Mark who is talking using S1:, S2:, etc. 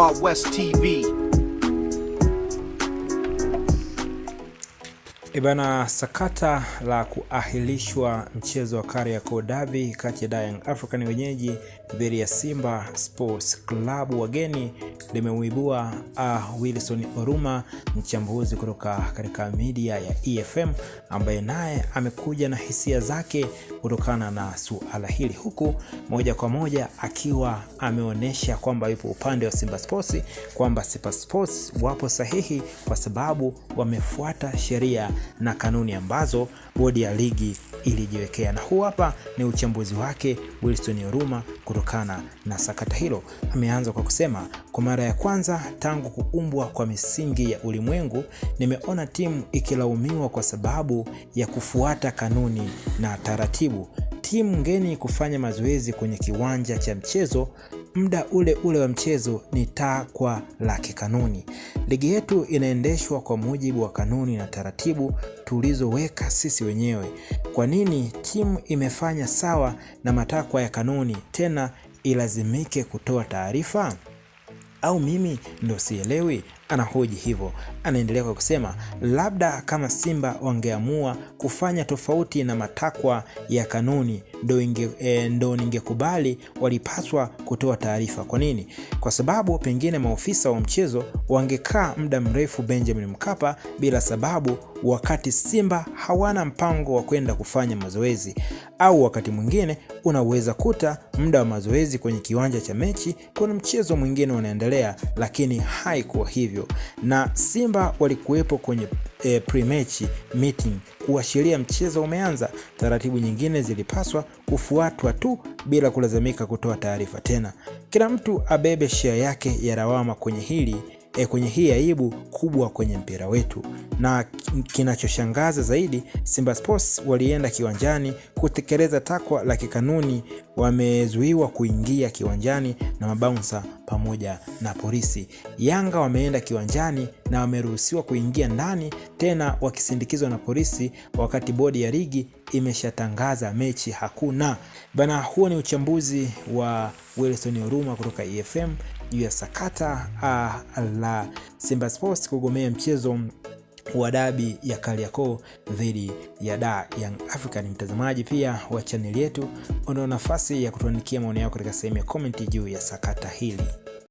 S1: Wild West TV. Ibana, e sakata la kuahilishwa mchezo wa Kariakoo Derby kati ya Young African wenyeji dhidi ya Simba Sports Club wageni limemuibua uh, ah, Wilson Oruma, mchambuzi kutoka katika media ya EFM, ambaye naye amekuja na hisia zake kutokana na suala hili, huku moja kwa moja akiwa ameonyesha kwamba yupo upande wa Simba Sports, kwamba Simba Sports wapo sahihi kwa sababu wamefuata sheria na kanuni ambazo bodi ya ligi ilijiwekea, na huu hapa ni uchambuzi wake Wilson Oruma kutokana na sakata hilo. Ameanza kwa kusema kwa mara ya kwanza tangu kuumbwa kwa misingi ya ulimwengu, nimeona timu ikilaumiwa kwa sababu ya kufuata kanuni na taratibu. Timu ngeni kufanya mazoezi kwenye kiwanja cha mchezo muda ule ule wa mchezo ni takwa la kikanuni. Ligi yetu inaendeshwa kwa mujibu wa kanuni na taratibu tulizoweka sisi wenyewe. Kwa nini timu imefanya sawa na matakwa ya kanuni tena ilazimike kutoa taarifa? au mimi ndo sielewi? Anahoji hivyo. Anaendelea kwa kusema, labda kama Simba wangeamua kufanya tofauti na matakwa ya kanuni ndo, inge, e, ndo ningekubali. Walipaswa kutoa taarifa. Kwa nini? Kwa sababu pengine maofisa wa mchezo wangekaa muda mrefu Benjamin Mkapa bila sababu wakati Simba hawana mpango wa kwenda kufanya mazoezi, au wakati mwingine unaweza kuta muda wa mazoezi kwenye kiwanja cha mechi kuna mchezo mwingine unaendelea, lakini haikuwa hivyo, na Simba walikuwepo kwenye e, eh, pre meeting kuashiria mchezo umeanza. Taratibu nyingine zilipaswa kufuatwa tu bila kulazimika kutoa taarifa tena. Kila mtu abebe shia yake ya rawama kwenye hili e, kwenye hii aibu kubwa kwenye mpira wetu, na kinachoshangaza zaidi, Simba Sports walienda kiwanjani kutekeleza takwa la kikanuni, wamezuiwa kuingia kiwanjani na mabaunsa pamoja na polisi. Yanga wameenda kiwanjani na wameruhusiwa kuingia ndani, tena wakisindikizwa na polisi, wakati bodi ya ligi imeshatangaza mechi hakuna bana. Huo ni uchambuzi wa Wilson uruma kutoka EFM juu ya sakata uh, la Simba Sports kugomea mchezo wa dabi ya Kariakoo dhidi ya da Young African. Mtazamaji pia wa chaneli yetu, unao nafasi ya kutuandikia maoni yako katika sehemu ya komenti juu ya sakata hili.